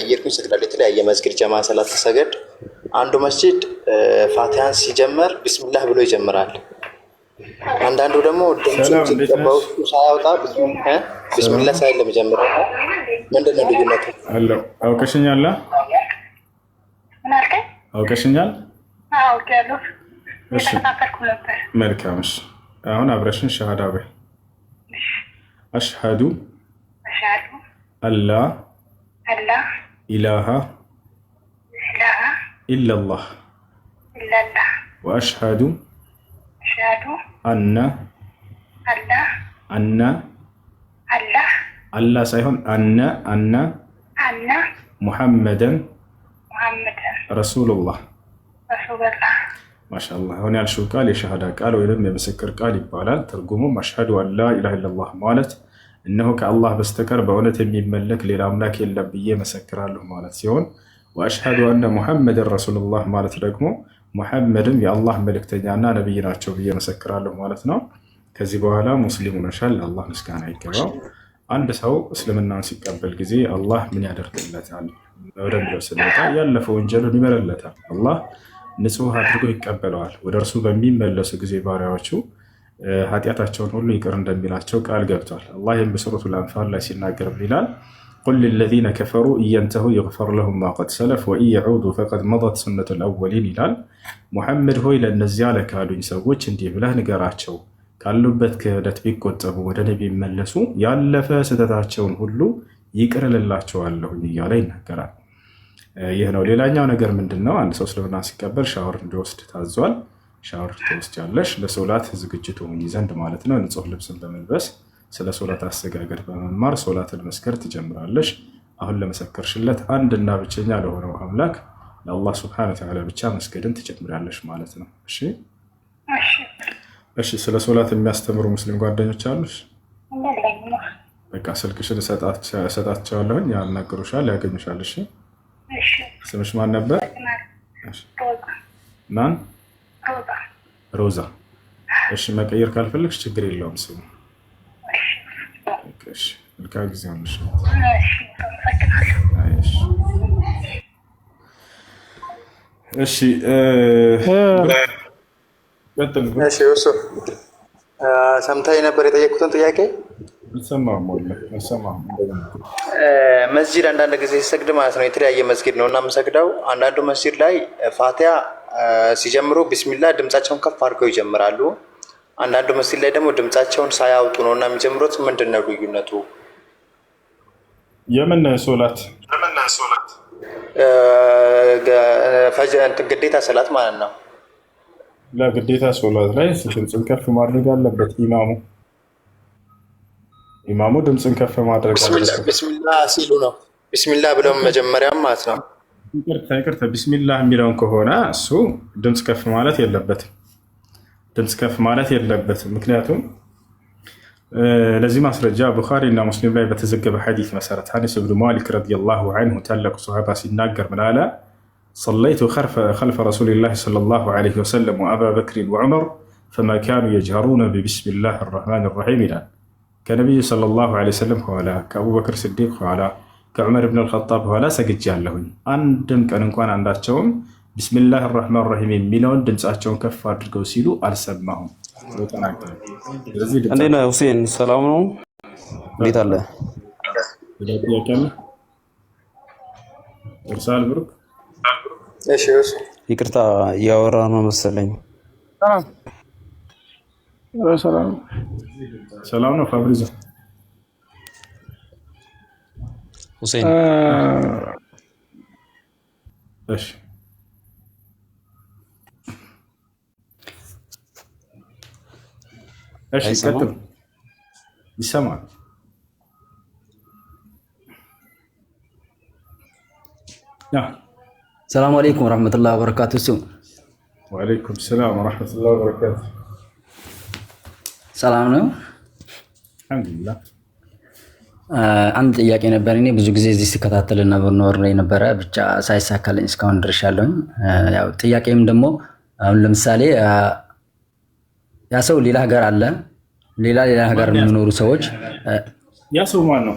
እየሄድኩኝ ሰግዳለሁ። የተለያየ መስጊድ ጀማ ሰላት ተሰገድ አንዱ መስጂድ ፋቲሃን ሲጀመር ቢስሚላህ ብሎ ይጀምራል። አንዳንዱ ደግሞ ድምፁን ሲገባው ሳያወጣ ቢስሚላህ ሳይል ለመጀመር ምንድን ነው ልዩነቱ? አውቀሽኛል? አውቀሽኛል? መልካም። አሁን አብረሽን ሻሃዳ በይ። አሽሃዱ አላ አላ ኢላሃ ኢለላህ ወአሽሃዱ አና አና አላህ ሳይሆን አነ አና ሙሐመደን ረሱሉላህ። ማሻአላህ አሁን ያልሽው ቃል የሸሃዳ ቃል ወይም የምስክር ቃል ይባላል። ትርጉሙም አሽሃዱ አላ ኢላሃ ኢለላህ ማለት እነሆ ከአላህ በስተቀር በእውነት የሚመለክ ሌላ አምላክ የለም ብዬ መሰክራለሁ ማለት ሲሆን ወአሽሃዱ አነ ሙሐመድን ረሱሉላህ ማለት ደግሞ ሙሐመድም የአላህ መልእክተኛና ነቢይ ናቸው ብዬ መሰክራለሁ ማለት ነው። ከዚህ በኋላ ሙስሊም ሆነሻል፣ አላህ ምስጋና ይገባው። አንድ ሰው እስልምናን ሲቀበል ጊዜ አላህ ምን ያደርግለታል? ወደሚለው ስንመጣ ያለፈው ወንጀሉን ይመረለታል። አላህ ንጹሕ አድርጎ ይቀበለዋል። ወደ እርሱ በሚመለሱ ጊዜ ባሪያዎቹ ኃጢአታቸውን ሁሉ ይቅር እንደሚላቸው ቃል ገብቷል። አላህ ይህም በሱረቱል አንፋል ላይ ሲናገር ይላል? ቁል ሊለዚነ ከፈሩ እየንተሁ ይግፈር ለሁም ማ ቀድ ሰለፍ ወኢየዑዱ ፈቀድ መضት ሱነቱል ልአወሊን ይላል። ሙሐመድ ሆይ ለእነዚያ ለካሉኝ ሰዎች እንዲህ ብለህ ንገራቸው ካሉበት ክህደት ቢቆጠቡ ወደ ነቢ መለሱ ያለፈ ስህተታቸውን ሁሉ ይቅርልላቸዋለሁ እያለ ይናገራል። ይህ ነው። ሌላኛው ነገር ምንድን ነው? አንድ ሰው እስልምና ሲቀበል ሻወር እንዲወስድ ታዟል። ሻወር ትወስጃለሽ። ለሶላት ዝግጅት ሆኝ ዘንድ ማለት ነው። ንጹህ ልብስን በመልበስ ስለ ሶላት አሰጋገድ በመማር ሶላትን መስከር ትጀምራለሽ። አሁን ለመሰከርሽለት አንድና ብቸኛ ለሆነው አምላክ ለአላህ ስብሐነሁ ወተዓላ ብቻ መስገድን ትጀምራለሽ ማለት ነው። እሺ፣ እሺ። ስለ ሶላት የሚያስተምሩ ሙስሊም ጓደኞች አሉሽ? በቃ ስልክሽን እሰጣቸዋለሁኝ፣ ያናገሩሻል፣ ያገኙሻል። እሺ። ስምሽ ማን ነበር? ማን ሮዛ። እሺ መቀየር ካልፈለግሽ ችግር የለውም ስሙ። መልካም ጊዜ ሆነሽ። እሺ ሰምታይ ነበር የጠየኩትን ጥያቄ መስጂድ አንዳንድ ጊዜ ሲሰግድ ማለት ነው። የተለያየ መስጊድ ነው እና የምሰግደው አንዳንዱ መስጂድ ላይ ፋቲያ ሲጀምሩ ቢስሚላ ድምጻቸውን ከፍ አድርገው ይጀምራሉ። አንዳንዱ መስጊድ ላይ ደግሞ ድምጻቸውን ሳያውጡ ነው እና የሚጀምሩት። ምንድን ነው ልዩነቱ? የምን ሶላት ግዴታ ሰላት ማለት ነው። ለግዴታ ሶላት ላይ ድምፅን ከፍ ማድረግ አለበት ኢማሙ ኢማሙ ድምፅን ከፍ ማድረግ ቢስሚላ ሲሉ ነው ቢስሚላ ብለው መጀመሪያም ማለት ነው ይቅርታ ይቅርታ፣ ቢስሚላህ የሚለውን ከሆነ እሱ ድምፅ ከፍ ማለት የለበትም። ድምፅ ከፍ ማለት የለበትም። ምክንያቱም ለዚህ ማስረጃ ቡኻሪ እና ሙስሊም ላይ በተዘገበ ሐዲስ መሰረት አነስ ብኑ ማሊክ ረዲየላሁ አንሁ ታላቁ ሰሃባ ሲናገር ምን አለ? ሰለይቱ ከልፈ ረሱሊላህ ሰለላሁ ዐለይሂ ወሰለም ወአባ በክሪን ወዑመር ፈማ ካኑ የጅሀሩነ ቢቢስሚላህ አርረሕማን አርረሒም ይላል። ከነቢዩ ሰለላሁ ዐለይሂ ወሰለም ኋላ ከአቡበክር ስዲቅ ኋላ ከዑመር ብን አልኸጣብ በኋላ ያለሁኝ አንድም ቀን እንኳን አንዳቸውም ቢስሚላህ ራህማን ራሂም የሚለውን ድምፃቸውን ከፍ አድርገው ሲሉ አልሰማሁም። እንዴት ነህ ሁሴን? ሰላም ነው? እንዴት አለ? እርሳል ብሩክ፣ ይቅርታ እያወራ ነው መሰለኝ። ሰላም ነው ፋብሪዛ حسين ايش ايش يكتب يسمع نعم السلام عليكم ورحمة الله وبركاته سو وعليكم السلام ورحمة الله وبركاته سلام الحمد لله አንድ ጥያቄ ነበር። እኔ ብዙ ጊዜ እዚህ ሲከታተል ኖር የነበረ ብቻ ሳይሳካልኝ እስካሁን ድርሻለሁኝ። ያው ጥያቄም ደግሞ አሁን ለምሳሌ ያ ሰው ሌላ ሀገር አለ፣ ሌላ ሌላ ሀገር የሚኖሩ ሰዎች ያ ሰው ማን ነው?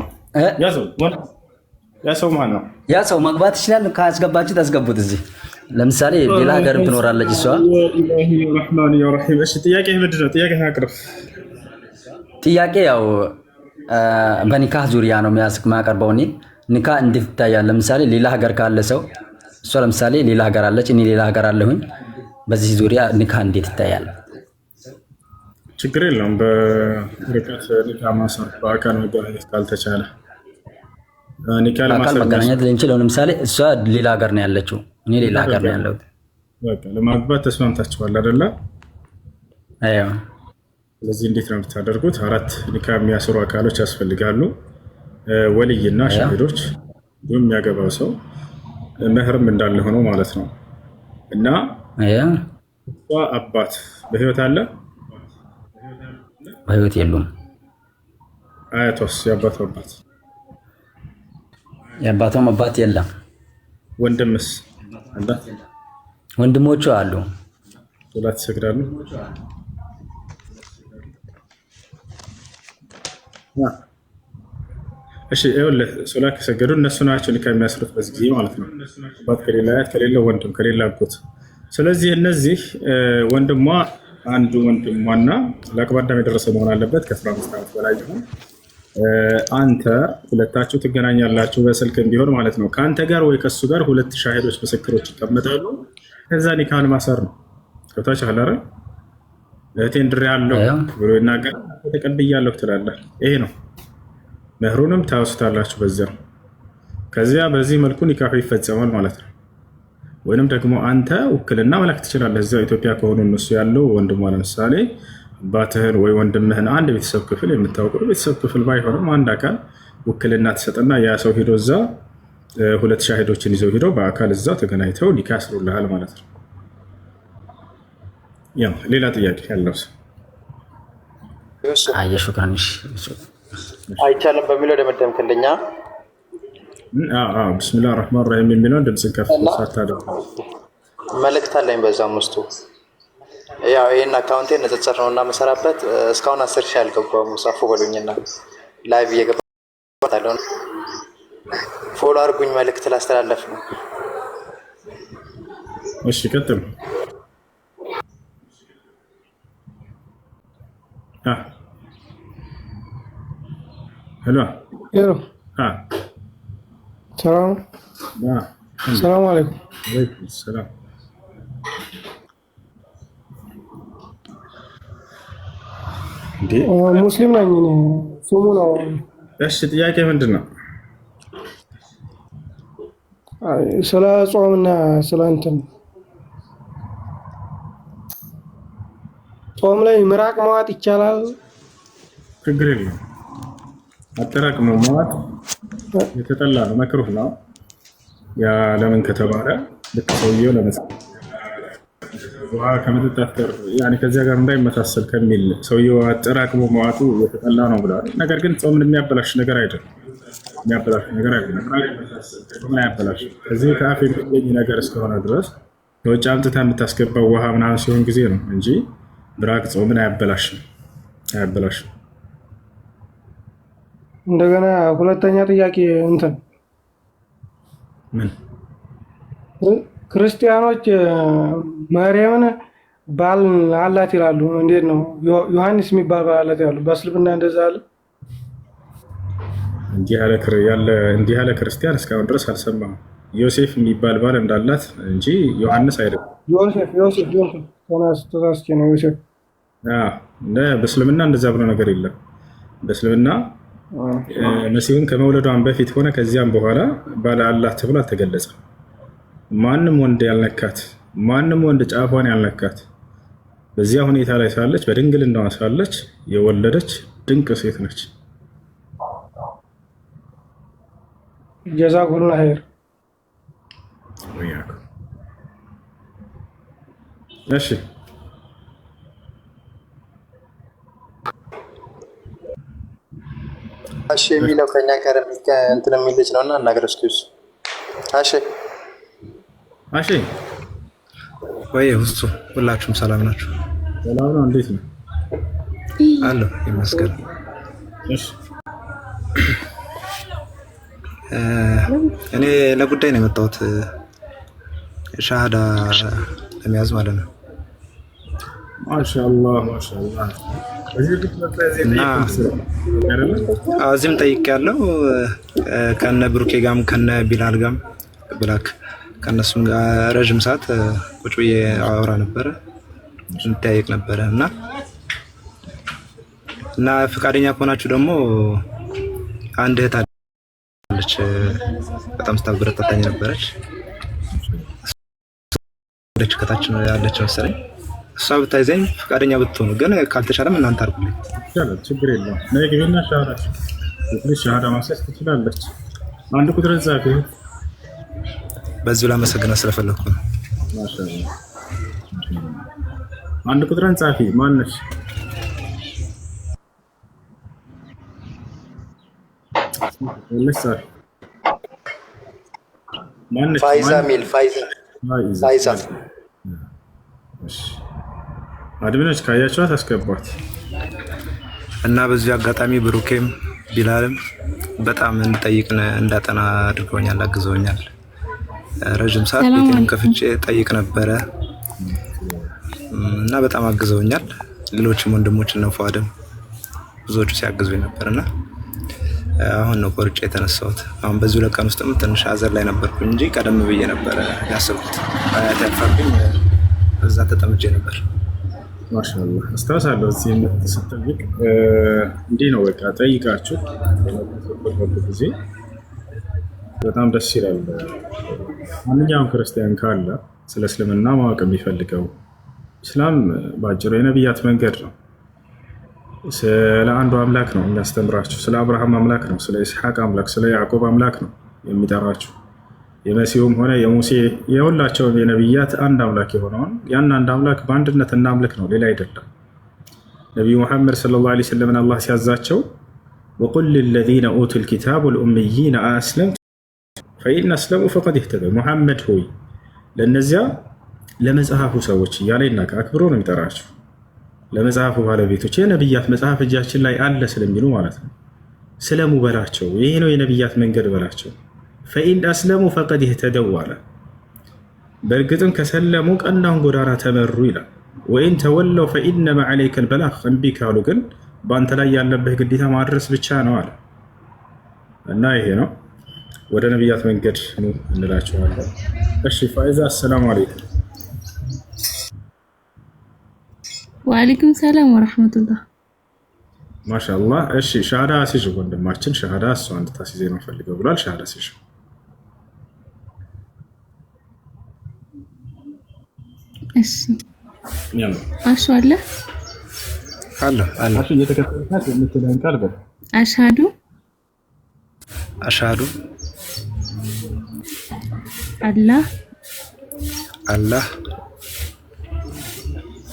ያ ሰው ማግባት ይችላል? ካስገባችሁ ታስገቡት። እዚህ ለምሳሌ ሌላ ሀገር ትኖራለች እሷ። ጥያቄ ምንድን ነው? ጥያቄ ያው በኒካህ ዙሪያ ነው የሚያቀርበው። እኔ ኒካህ እንዴት ይታያል? ለምሳሌ ሌላ ሀገር ካለ ሰው እሷ ለምሳሌ ሌላ ሀገር አለች፣ እኔ ሌላ ሀገር አለሁኝ። በዚህ ዙሪያ ኒካህ እንዴት ይታያል? ችግር የለውም። በርቀት ኒካህ ማሰር በአካል መገናኘት ካልተቻለ ኒካህ መገናኘት ልንችለው። ለምሳሌ እሷ ሌላ ሀገር ነው ያለችው፣ እኔ ሌላ ሀገር ነው ያለሁት። ለማግባት ተስማምታችኋል አይደለ? ስለዚህ እንዴት ነው የምታደርጉት? አራት ኒካ የሚያስሩ አካሎች ያስፈልጋሉ። ወልይና ሻሂዶች እንዲሁም የሚያገባው ሰው መህርም እንዳለ ሆኖ ማለት ነው። እና እሷ አባት በህይወት አለ በህይወት የሉም። አያቷስ? የአባቷ አባት የአባቷም አባት የለም። ወንድምስ? ወንድሞቹ አሉ። ሶላት ይሰግዳሉ እሺ ይኸውልህ ሶላት ከሰገዱ እነሱ ናቸው ኒካ የሚያስሩት በዚህ ጊዜ ማለት ነው። አባት ከሌለ አያት ከሌለ ወንድም ከሌለ አጎት። ስለዚህ እነዚህ ወንድሟ አንዱ ወንድሟና ለአቅመ አዳም የደረሰ መሆን አለበት ከአስራ አምስት ዓመት በላይ ይሆን አንተ ሁለታችሁ ትገናኛላችሁ በስልክም ቢሆን ማለት ነው። ከአንተ ጋር ወይ ከእሱ ጋር ሁለት ሻሂዶች ምስክሮች ይቀመጣሉ። ከዛ ኒካህን ማሰር ነው። ገብታችኋል አይደል? እህቴን ድሬ አለው ብሎ ይናገር ተቀብያለሁ ትላለህ። ይሄ ነው መህሩንም ታወስታላችሁ በዚያ ከዚያ በዚህ መልኩ ኒካሁ ይፈጸማል ማለት ነው። ወይንም ደግሞ አንተ ውክልና መላክ ትችላለህ። እዚያው ኢትዮጵያ ከሆኑ እነሱ ያለው ወንድሟ ለምሳሌ አባትህን ወይ ወንድምህን አንድ ቤተሰብ ክፍል የምታውቀው ቤተሰብ ክፍል ባይሆንም አንድ አካል ውክልና ትሰጥና ያ ሰው ሂዶ እዛ ሁለት ሻሂዶችን ይዘው ሂዶ በአካል እዛ ተገናኝተው ኒካ ያስሩልሃል ማለት ነው። ያው ሌላ ጥያቄ ያለው የሹክራንሽ አይቻልም በሚለው ደመደምክ እንደኛ ብስሚላ ረህማን ራሂም የሚለውን ድምፅ ከፍ ሳታደርጉ መልእክት አለኝ። በዛም ውስጡ ያው ይህን አካውንቴ ንጽጽር ነው እና መሰራበት እስካሁን አስር ሺህ አልገባሁም። ጻፉ በሉኝና ላይቭ እየገባለሁ። ፎሎ አድርጉኝ። መልእክት ላስተላለፍ ነው። እሺ ቀጥሉ። ሰላሙ አለይኩም። ሙስሊም ነኝ። ስሙ ነው። እሺ፣ ጥያቄ ምንድን ነው? ስለ ጾምና ስለ እንትን ጾም ላይ ምራቅ መዋጥ ይቻላል? ችግር የለም። አጠራቅሞ መዋጥ የተጠላ ነው፣ መክሩህ ነው። ያ ለምን ከተባለ ልክ ሰውየው ለመስ ውሃ ከመጠጣት ጋር ከዚያ ጋር እንዳይመሳሰል ከሚል ሰውየው አጠራቅሞ መዋጡ የተጠላ ነው ብለዋል። ነገር ግን ጾምን የሚያበላሽ ነገር አይደለም። የሚያበላሽ ነገር አይደለም። አያበላሽ። ከዚህ ከአፍ የሚገኝ ነገር እስከሆነ ድረስ ከውጭ አምጥታ የምታስገባው ውሃ ምናምን ሲሆን ጊዜ ነው እንጂ ብራቅ ጾምን አያበላሽም አያበላሽም። እንደገና ሁለተኛ ጥያቄ እንትን ምን ክርስቲያኖች ማርያምን ባል አላት ይላሉ። እንዴት ነው ዮሐንስ የሚባል ባል አላት ይላሉ። በእስልምና እንደዛ አለ። እንዲህ ያለ ክርስቲያን እስካሁን ድረስ አልሰማም። ዮሴፍ የሚባል ባል እንዳላት እንጂ ዮሐንስ አይደለም። ዮሴፍ ዮሴፍ ተናስተራስኪ ነው ይሰጥ በእስልምና እንደዛ ብሎ ነገር የለም። በእስልምና መሲሁን ከመውለዷን በፊት ሆነ ከዚያም በኋላ ባለ አላህ ተብሎ አልተገለጸም። ማንም ወንድ ያልነካት፣ ማንም ወንድ ጫፏን ያልነካት በዚያ ሁኔታ ላይ ሳለች በድንግልናዋ ሳለች የወለደች ድንቅ ሴት ነች። ጀዛኩሙላህ ኸይር እሺ አሺ የሚለው ከኛ ጋር እንትን የሚል ልጅ ነው እና እናገር እስኪ እሱ አሺ አሺ ወይ ውስጡ ሁላችሁም ሰላም ናችሁ? ሰላም ነው። እንዴት ነው አለው። ይመስገን። እኔ ለጉዳይ ነው የመጣሁት ሻሃዳ ለመያዝ ማለት ነው። ማሻአላህ አዚም ጠይቅ ያለው ከነ ብሩኬ ጋም ከነ ቢላል ጋም ብላክ ከነሱም ጋር ረዥም ሰዓት ቁጭ ብዬ አወራ ነበረ እንጠያየቅ ነበረ እና እና ፈቃደኛ ከሆናችሁ ደግሞ አንድ እህት አለች፣ በጣም ስታበረታታኝ ነበረች። ወደች ከታች ነው ያለች መሰለኝ። እሷ ብታይዘኝ ፈቃደኛ ብትሆኑ ግን ካልተቻለም እናንተ አድርጉልኝ። ችግር የለም ነይ ግቢና ሻሃዳ ማስያዝ ትችላለች። አንድ ቁጥር እዛ በዚሁ ላመሰግና ስለፈለግኩ ነው። አንድ ቁጥርን ጻፊ ማነች? ፋይዛ ሚል ፋይዛ አድምነች ካያቸዋት አስገባት እና በዚህ አጋጣሚ ብሩኬም ቢላልም በጣም እንጠይቅ እንዳጠና አድርገውኛል፣ አግዘውኛል። ረዥም ሰዓት ቤቴን ከፍቼ ጠይቅ ነበረ እና በጣም አግዘውኛል። ሌሎችም ወንድሞች እነ ብዙዎቹ ሲያግዙኝ ነበር እና አሁን ነው ቆርጬ የተነሳሁት። አሁን በዚህ ሁለት ቀን ውስጥም ትንሽ ሀዘን ላይ ነበርኩ እንጂ ቀደም ብዬ ነበረ ያሰብኩት። ያፈርኩኝ እዛ ተጠምጄ ነበር። ማሻላ አስታውሳለሁ። እዚህ ስጠይቅ እንዲህ ነው በቃ ጠይቃችሁ ጊዜ በጣም ደስ ይላል። ማንኛውም ክርስቲያን ካለ ስለ እስልምና ማወቅ የሚፈልገው እስላም በአጭሩ የነቢያት መንገድ ነው ስለ አንዱ አምላክ ነው የሚያስተምራችሁ። ስለ አብርሃም አምላክ ነው፣ ስለ ኢስሐቅ አምላክ፣ ስለ ያዕቆብ አምላክ ነው የሚጠራችሁ። የመሲሁም ሆነ የሙሴ የሁላቸውም የነቢያት አንድ አምላክ የሆነውን ያን አንድ አምላክ በአንድነት እናምልክ ነው፣ ሌላ አይደለም። ነቢዩ ሙሐመድ ሰለላሁ ዐለይሂ ወሰለምን አላህ ሲያዛቸው ወቁል ሊለዚነ ኡቱል ኪታብ ወልኡምይነ አአስለምቱ ፈኢን አስለሙ ፈቀድ እህተደው። ሙሐመድ ሆይ ለእነዚያ ለመጽሐፉ ሰዎች እያለ ይናገር አክብሮ ነው የሚጠራቸው ለመጽሐፉ ባለቤቶች የነብያት መጽሐፍ እጃችን ላይ አለ ስለሚሉ ማለት ነው። ስለሙ በላቸው፣ ይሄ ነው የነብያት መንገድ በላቸው። ፈኢን አስለሙ ፈቀድ ይህተደው አለ። በእርግጥም ከሰለሙ ቀናውን ጎዳና ተመሩ ይላል። ወይን ተወለው ፈኢነማ ዓለይከል በላህ፣ እምቢ ካሉ ግን በአንተ ላይ ያለብህ ግዴታ ማድረስ ብቻ ነው አለ እና ይሄ ነው ወደ ነቢያት መንገድ እንላቸዋለን። እሺ ፋይዛ፣ አሰላሙ አለይኩም ወአለይኩም ሰላም ወረሕመቱላህ። ማሻአላህ። እሺ ሻሃዳ አሲዥ ወንድማችን ሻሃዳ አንድ እንድታሲዜ ነው ፈልገው ብሏል። ሻሃዳ አሲዥ እሺ አሹ አለ አለ አለ አሹ እየተከተልካት የምትለውን ቃል በል። አሻዱ አሻዱ አላህ አላህ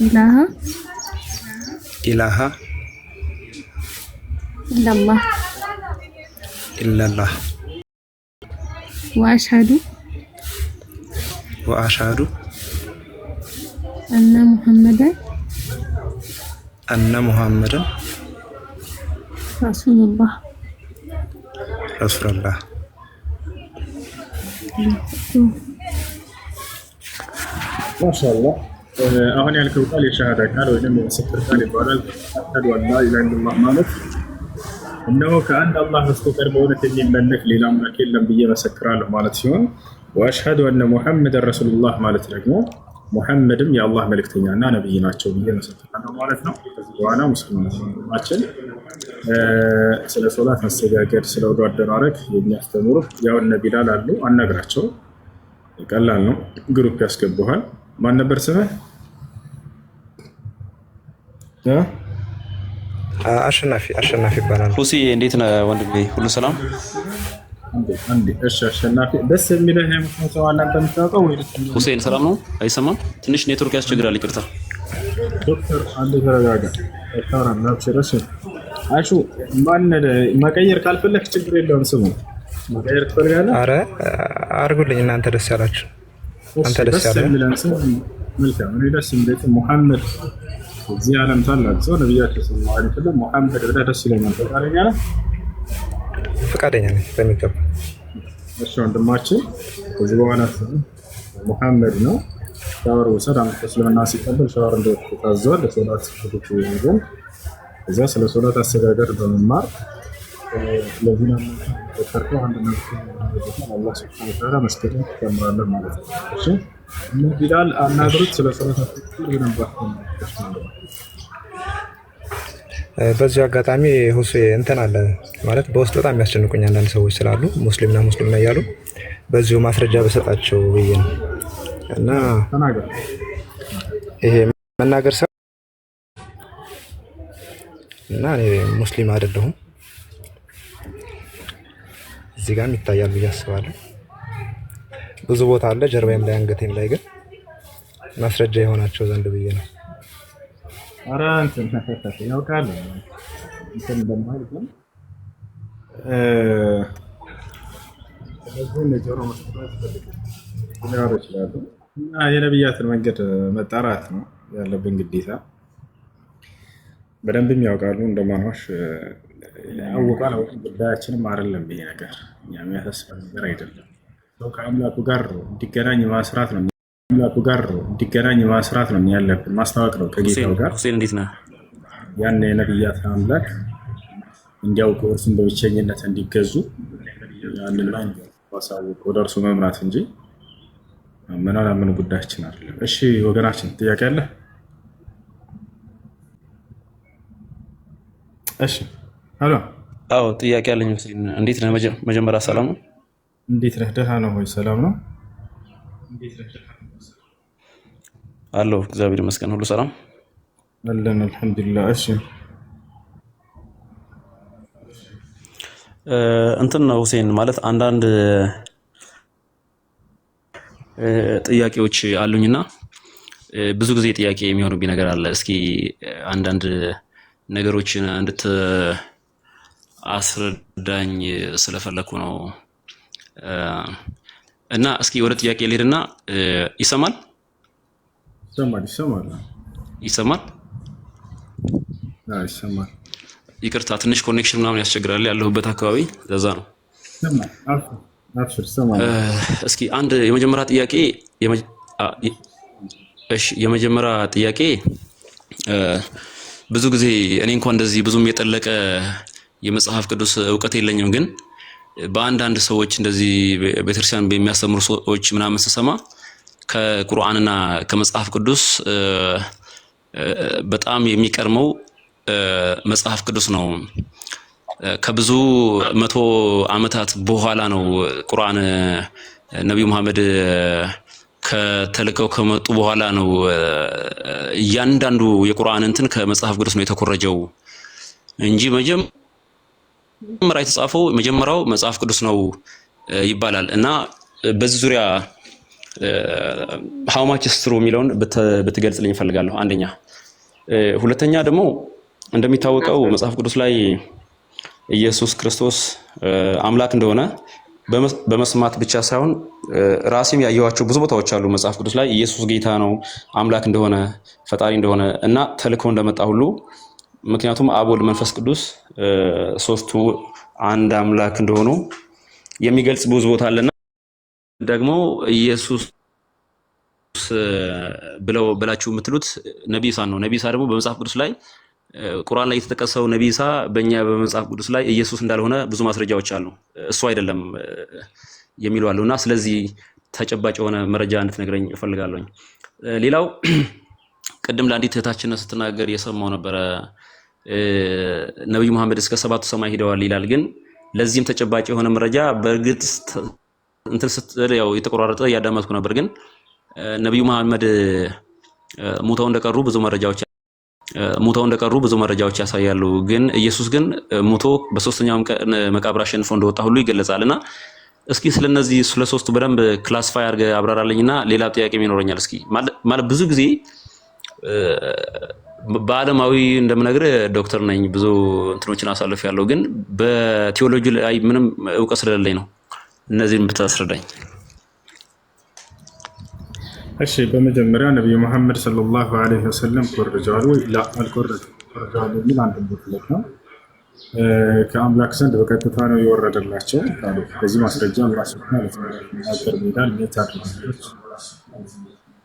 ኢላሃ إله إلا الله إلا الله وأشهد وأشهد أن محمدا أن محمدا رسول الله رسول الله ما شاء الله አሁን ያልከው ቃል የሸሃዳ ቃል ወይ ደግሞ ምስክር ቃል ይባላል። አሽሀዱ አላ ኢላሀ ኢለላህ ማለት እነሆ ከአንድ አላህ በስተቀር በእውነት የሚመለክ ሌላ አምላክ የለም ብዬ መሰክራለሁ ማለት ሲሆን ወአሽሀዱ አነ ሙሐመድን ረሱሉላህ ማለት ደግሞ ሙሐመድም የአላህ መልእክተኛና ነብይ ናቸው ብዬ መሰክራለሁ ማለት ነው። ከዚህ በኋላ ሙስሊማችን ስለ ሶላት መሰጋገድ፣ ስለ ወዶ አደራረግ የሚያስተምሩ ያውነ ቢላል አሉ። አናግራቸው። ቀላል ነው። ግሩፕ ያስገቡሃል። ማን ነበር ስምህ? አሸናፊ አሸናፊ ይባላል። ሁሲ እንዴት ነህ ወንድሜ? ሁሉ ሰላም? ሁሴን ሰላም ነው። አይሰማም፣ ትንሽ ኔትወርክ ያስቸግራል። ይቅርታ ዶክተር አንድ ተረጋጋ። መቀየር ካልፈለክ ችግር የለውም። ስሙ መቀየር ትፈልጋለህ? ኧረ አድርጉልኝ እናንተ ደስ ያላችሁ። አንተ ደስ ያለ ደስ ሙሐመድ እዚህ ዓለም ታላቅ ሰው ነቢያችን ስለ ላ ሙሐመድ ብለህ ደስ ይለኛል። ፈቃደኛ ነህ? ፈቃደኛ ነኝ በሚገባ። እሺ ወንድማችን ከዚህ በኋላ ሙሐመድ ነው ሻወር ውሰድ። እስልምና ሲቀበል ሻወር እንደወጡ ታዘዋል። ለሶላት ቶች ይሆን እዚያ ስለ ሶላት አስተጋገር በመማር ለዚህ ተርከው አንድ ነገር አላህ ስብሐነ ወተዓላ መስገድን ትጀምራለህ ማለት ነው። ቢላል አናግሩት ስለ በዚሁ አጋጣሚ ሁሴ እንትን አለ ማለት በውስጥ በጣም የሚያስጨንቁኝ አንዳንድ ሰዎች ስላሉ ሙስሊምና ሙስሊምና እያሉ በዚሁ ማስረጃ በሰጣቸው ብዬ ነው እና ይሄ መናገር ሰው እና እኔ ሙስሊም አይደለሁም እዚህ ጋርም ይታያል ብዬ አስባለሁ። ብዙ ቦታ አለ ጀርባዬም ላይ አንገቴም ላይ ግን ማስረጃ የሆናቸው ዘንድ ብዬ ነው። ኧረ እንትን ያውቃል እንትን እንደማለት ነው። የነብያትን መንገድ መጣራት ነው ያለብን ግዴታ። በደንብም ያውቃሉ እንደማኖሽ አወቃል። ጉዳያችንም አይደለም ይሄ ነገር የሚያሳስበን ነገር አይደለም። ሰው ከአምላኩ ጋር እንዲገናኝ ማስራት ነው አምላኩ ጋር እንዲገናኝ ማስራት ነው ያለብን፣ ማስታወቅ ነው ከጌታው ጋር ያን የነብያት አምላክ እንዲያውቁ እርሱን በብቸኝነት እንዲገዙ ያንን ላይ ማሳወቅ፣ ወደ እርሱ መምራት እንጂ ምናን ምን ጉዳያችን አይደለም። እሺ ወገናችን ጥያቄ አለ? እሺ አሎ፣ አዎ ጥያቄ አለኝ። እንዴት ነህ? መጀመሪያ ሰላም ነው እንዴት ነህ? ደህና ነው ወይ? ሰላም ነው አለሁ እግዚአብሔር ይመስገን፣ ሁሉ ሰላም አለን። አልሐምዱሊላህ። እሺ እንትን ነው ሁሴን ማለት አንዳንድ ጥያቄዎች አሉኝና ብዙ ጊዜ ጥያቄ የሚሆኑብኝ ነገር አለ። እስኪ አንዳንድ ነገሮችን እንድት አስረዳኝ ስለፈለኩ ነው። እና እስኪ ወደ ጥያቄ ልሄድና ይሰማል ይሰማል ይሰማል ይሰማል ይሰማል። ይቅርታ ትንሽ ኮኔክሽን ምናምን ያስቸግራል ያለሁበት አካባቢ ለዛ ነው። እስኪ አንድ የመጀመሪያ ጥያቄ እሺ፣ የመጀመሪያ ጥያቄ ብዙ ጊዜ እኔ እንኳን እንደዚህ ብዙም የጠለቀ የመጽሐፍ ቅዱስ እውቀት የለኝም ግን በአንዳንድ ሰዎች እንደዚህ ቤተክርስቲያን በሚያስተምሩ ሰዎች ምናምን ስሰማ ከቁርአንና ከመጽሐፍ ቅዱስ በጣም የሚቀርመው መጽሐፍ ቅዱስ ነው። ከብዙ መቶ ዓመታት በኋላ ነው ቁርአን ነቢዩ መሐመድ ከተልከው ከመጡ በኋላ ነው እያንዳንዱ የቁርአን እንትን ከመጽሐፍ ቅዱስ ነው የተኮረጀው እንጂ መጀመ መጀመሪያ የተጻፈው መጀመሪያው መጽሐፍ ቅዱስ ነው ይባላል እና በዚህ ዙሪያ ሃው ማች የሚለውን ብትገልጽልኝ እፈልጋለሁ። አንደኛ። ሁለተኛ ደግሞ እንደሚታወቀው መጽሐፍ ቅዱስ ላይ ኢየሱስ ክርስቶስ አምላክ እንደሆነ በመስማት ብቻ ሳይሆን ራሴም ያየኋቸው ብዙ ቦታዎች አሉ መጽሐፍ ቅዱስ ላይ ኢየሱስ ጌታ ነው፣ አምላክ እንደሆነ፣ ፈጣሪ እንደሆነ እና ተልኮ እንደመጣ ሁሉ ምክንያቱም አብ ወልድ መንፈስ ቅዱስ ሶስቱ አንድ አምላክ እንደሆኑ የሚገልጽ ብዙ ቦታ አለና ደግሞ ኢየሱስ ብለው ብላችሁ የምትሉት ነቢሳ ኢሳን ነው። ነቢ ኢሳ ደግሞ በመጽሐፍ ቅዱስ ላይ ቁርአን ላይ የተጠቀሰው ነቢ ኢሳ በእኛ በመጽሐፍ ቅዱስ ላይ ኢየሱስ እንዳልሆነ ብዙ ማስረጃዎች አሉ። እሱ አይደለም የሚሉ አሉ እና ስለዚህ ተጨባጭ የሆነ መረጃ እንድትነግረኝ እፈልጋለሁኝ። ሌላው ቅድም ለአንዲት እህታችን ስትናገር የሰማው ነበረ። ነቢዩ መሐመድ እስከ ሰባቱ ሰማይ ሂደዋል ይላል። ግን ለዚህም ተጨባጭ የሆነ መረጃ በእርግጥ እንትን ስትል ያው የተቆራረጠ እያዳመጥኩ ነበር። ግን ነቢዩ መሐመድ ሙተው እንደቀሩ ብዙ መረጃዎች ሙተው እንደቀሩ ብዙ መረጃዎች ያሳያሉ። ግን ኢየሱስ ግን ሙቶ በሶስተኛው መቃብር አሸንፎ እንደወጣ ሁሉ ይገለጻል እና እስኪ ስለነዚህ ስለሶስቱ በደንብ ክላስፋይ አድርገህ አብራራለኝና ሌላ ጥያቄ ይኖረኛል። እስኪ ማለት ብዙ ጊዜ በአለማዊ እንደምነግር ዶክተር ነኝ ብዙ እንትኖችን አሳልፍ ያለው ግን በቴዎሎጂ ላይ ምንም እውቀት ስለሌለኝ ነው። እነዚህን ብታስረዳኝ። እሺ፣ በመጀመሪያ ነቢዩ መሐመድ ሰለላሁ ዐለይሂ ወሰለም ኮርጃሉ ወይ? ላ ኮርጃሉ የሚል አንድ ቦትለት ነው። ከአምላክ ዘንድ በቀጥታ ነው የወረደላቸው። በዚህ ማስረጃ ራሱ ማለት ነው። ሜት አድርጉት፣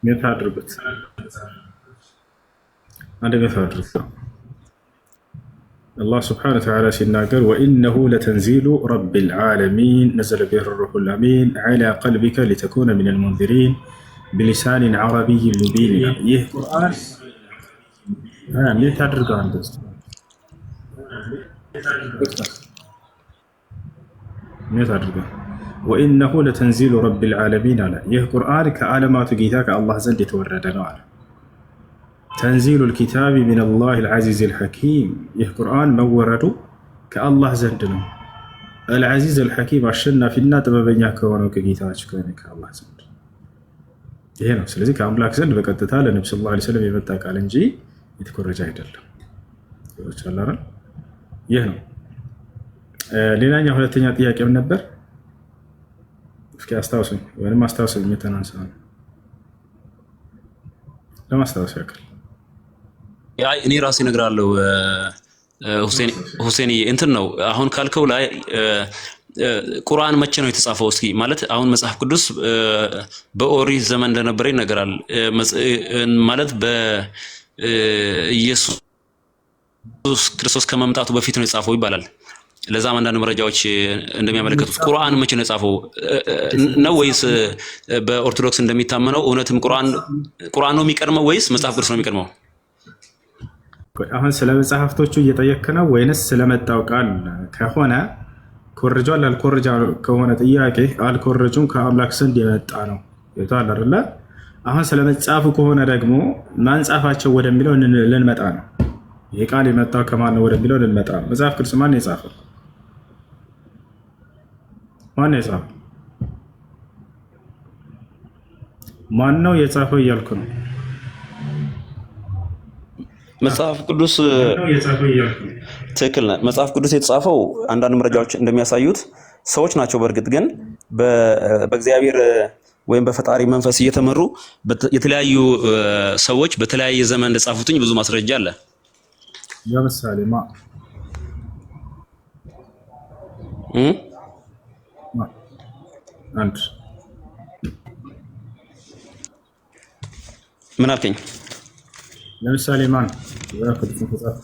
ሜት አድርጉት አደገታድርሳ አላህ ስብሓነ ተዓላ ሲናገር ወኢነሁ ለተንዚሉ ረቢ ልዓለሚን ነዘለ ብህ ሩሑ ልአሚን ዓላ ቀልቢከ ሊተኩነ ምን ልሙንዚሪን ብሊሳኒን ዓረቢይ ሙቢን ይላል። ይህ ቁርአን እንዴት አድርገው አንተ እንዴት አድርገው ወኢነሁ ለተንዚሉ ረቢ ልዓለሚን አለ። ይህ ቁርአን ከዓለማቱ ጌታ ከአላህ ዘንድ የተወረደ ነው አለ ተንዚሉ ልኪታቢ ምን ላህ ልዓዚዝ ልሐኪም። ይህ ቁርአን መወረዱ ከአላህ ዘንድ ነው። አልዓዚዝ አልሐኪም አሸናፊና ጥበበኛ ከሆነው ከጌታችን ከሆነ ከአላህ ዘንድ ይሄ ነው። ስለዚህ ከአምላክ ዘንድ በቀጥታ ለነቢ ስ ላ ስለም የመጣ ቃል እንጂ የተኮረጀ አይደለም። ይህ ነው። ሌላኛ ሁለተኛ ጥያቄም ነበር። እስኪ አስታውሰኝ ወይም አስታውሰኝ የተናንሳ ነው ለማስታወስ ያክል አይ እኔ ራሴ እነግርሃለሁ ሁሴንዬ፣ እንትን ነው አሁን ካልከው ላይ ቁርአን መቼ ነው የተጻፈው? እስኪ ማለት አሁን መጽሐፍ ቅዱስ በኦሪት ዘመን እንደነበረ ይነገራል። ማለት በኢየሱስ ክርስቶስ ከመምጣቱ በፊት ነው የተጻፈው ይባላል። ለዛም አንዳንድ መረጃዎች እንደሚያመለክቱት ቁርአን መቼ ነው የጻፈው ነው ወይስ በኦርቶዶክስ እንደሚታመነው እውነትም ቁርአን ነው የሚቀድመው ወይስ መጽሐፍ ቅዱስ ነው የሚቀድመው? አሁን ስለ መጽሐፍቶቹ እየጠየክ ነው ወይንስ ስለመጣው ቃል ከሆነ ኮርጇል አልኮርጃ ከሆነ ጥያቄ አልኮርጁም ከአምላክ ዘንድ የመጣ ነው ይቷል አይደለ አሁን ስለ መጽሐፉ ከሆነ ደግሞ ማንጻፋቸው ወደሚለው ልንመጣ ነው ይህ ቃል የመጣው ከማን ነው ወደሚለው ልንመጣ ነው መጽሐፍ ቅዱስ ማን የጻፈው ማን የጻፈው ማን ነው የጻፈው እያልኩ ነው መጽሐፍ ቅዱስ ትክክል ነህ። መጽሐፍ ቅዱስ የተጻፈው አንዳንድ መረጃዎች እንደሚያሳዩት ሰዎች ናቸው። በእርግጥ ግን በእግዚአብሔር ወይም በፈጣሪ መንፈስ እየተመሩ የተለያዩ ሰዎች በተለያየ ዘመን እንደጻፉትኝ ብዙ ማስረጃ አለ። ለምሳሌ ማ ምን አልከኝ? ለምሳሌ ማን ከድፍን መጽሐፍ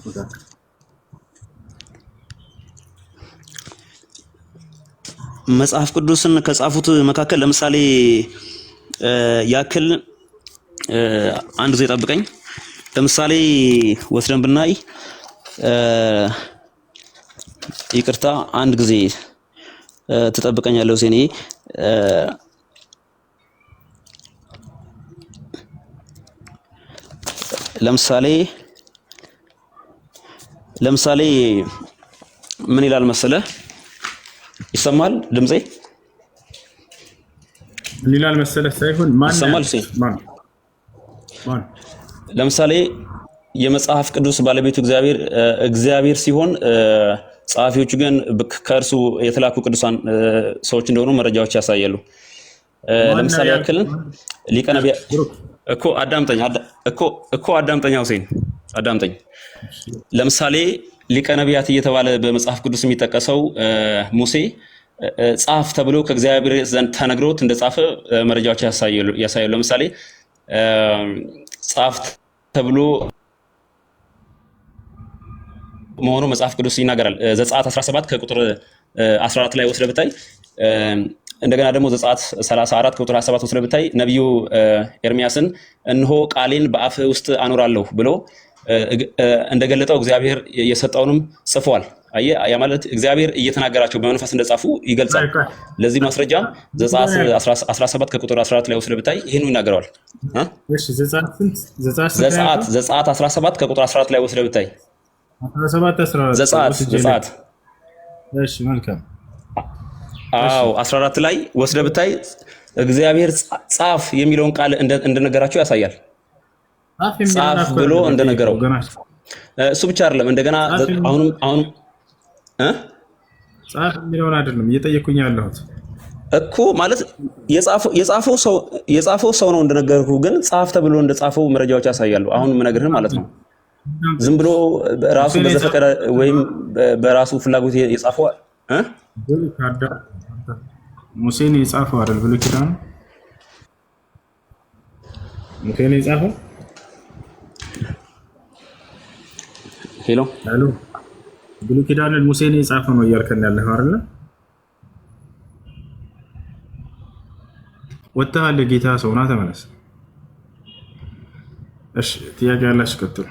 መካከል መጽሐፍ ቅዱስን ከጻፉት መካከል ለምሳሌ ያክል አንድ ጊዜ ጠብቀኝ። ለምሳሌ ወስደን ብናይ ይቅርታ፣ አንድ ጊዜ ትጠብቀኛለህ ሁሴን። ለምሳሌ ለምሳሌ ምን ይላል መሰለ? ይሰማል ድምጼ? ምን ይላል መሰለ ሳይሆን ማን ይሰማል? ለምሳሌ የመጽሐፍ ቅዱስ ባለቤቱ እግዚአብሔር እግዚአብሔር ሲሆን ጸሐፊዎቹ ግን ከእርሱ የተላኩ ቅዱሳን ሰዎች እንደሆኑ መረጃዎች ያሳያሉ። ለምሳሌ ያክልን ሊቀ ነቢያ እኮ አዳምጠኝ እኮ እኮ አዳምጠኝ ሁሴን አዳምጠኝ። ለምሳሌ ሊቀ ነቢያት እየተባለ በመጽሐፍ ቅዱስ የሚጠቀሰው ሙሴ ጻፍ ተብሎ ከእግዚአብሔር ዘንድ ተነግሮት እንደጻፈ መረጃዎች ያሳያሉ። ለምሳሌ ጻፍ ተብሎ መሆኑ መጽሐፍ ቅዱስ ይናገራል። ዘጸአት 17 ከቁጥር 14 ላይ ወስደህ ብታይ እንደገና ደግሞ ዘጸአት 34 ቁጥር 27 ውስጥ ብታይ ነቢዩ ኤርሚያስን እንሆ ቃሌን በአፍ ውስጥ አኖራለሁ ብሎ እንደገለጠው እግዚአብሔር የሰጠውንም ጽፏል። አየህ፣ ያ ማለት እግዚአብሔር እየተናገራቸው በመንፈስ እንደጻፉ ይገልጻል። ለዚህ ማስረጃ ዘጸአት 17 ከቁጥር 14 ላይ ወስደህ ብታይ ይህን ይናገረዋል። ዘጸአት ዘጸአት 17 ከቁጥር 14 ላይ ወስደህ ብታይ ዘጸአት ዘጸአት አዎ 14 ላይ ወስደ ብታይ እግዚአብሔር ጻፍ የሚለውን ቃል እንደነገራቸው ያሳያል። ጻፍ ብሎ እንደነገረው እሱ ብቻ አይደለም። እንደገና አሁንም አሁንም ጻፍ የሚለውን አይደለም እየጠየኩኝ ያለሁት እኮ ማለት የጻፈው ሰው ነው እንደነገርኩ፣ ግን ጻፍ ተብሎ እንደጻፈው መረጃዎች ያሳያሉ። አሁን የምነግርህን ማለት ነው። ዝም ብሎ ራሱ በዘፈቀደ ወይም በራሱ ፍላጎት የጻፈው ሙሴን የጻፈው አይደል? ብሉይ ኪዳኑ ሙሴን የጻፈው ሄሎ ሄሎ፣ ብሉይ ኪዳኑን ሙሴን የጻፈው ነው እያልከን ያለህ አይደለ? ወጥተሃል። ጌታ ሰውና ተመለስ። እሺ፣ ጥያቄ ያላችሁ ቀጥሉ።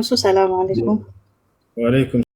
እሱ ሰላም አለይኩም። ወአለይኩም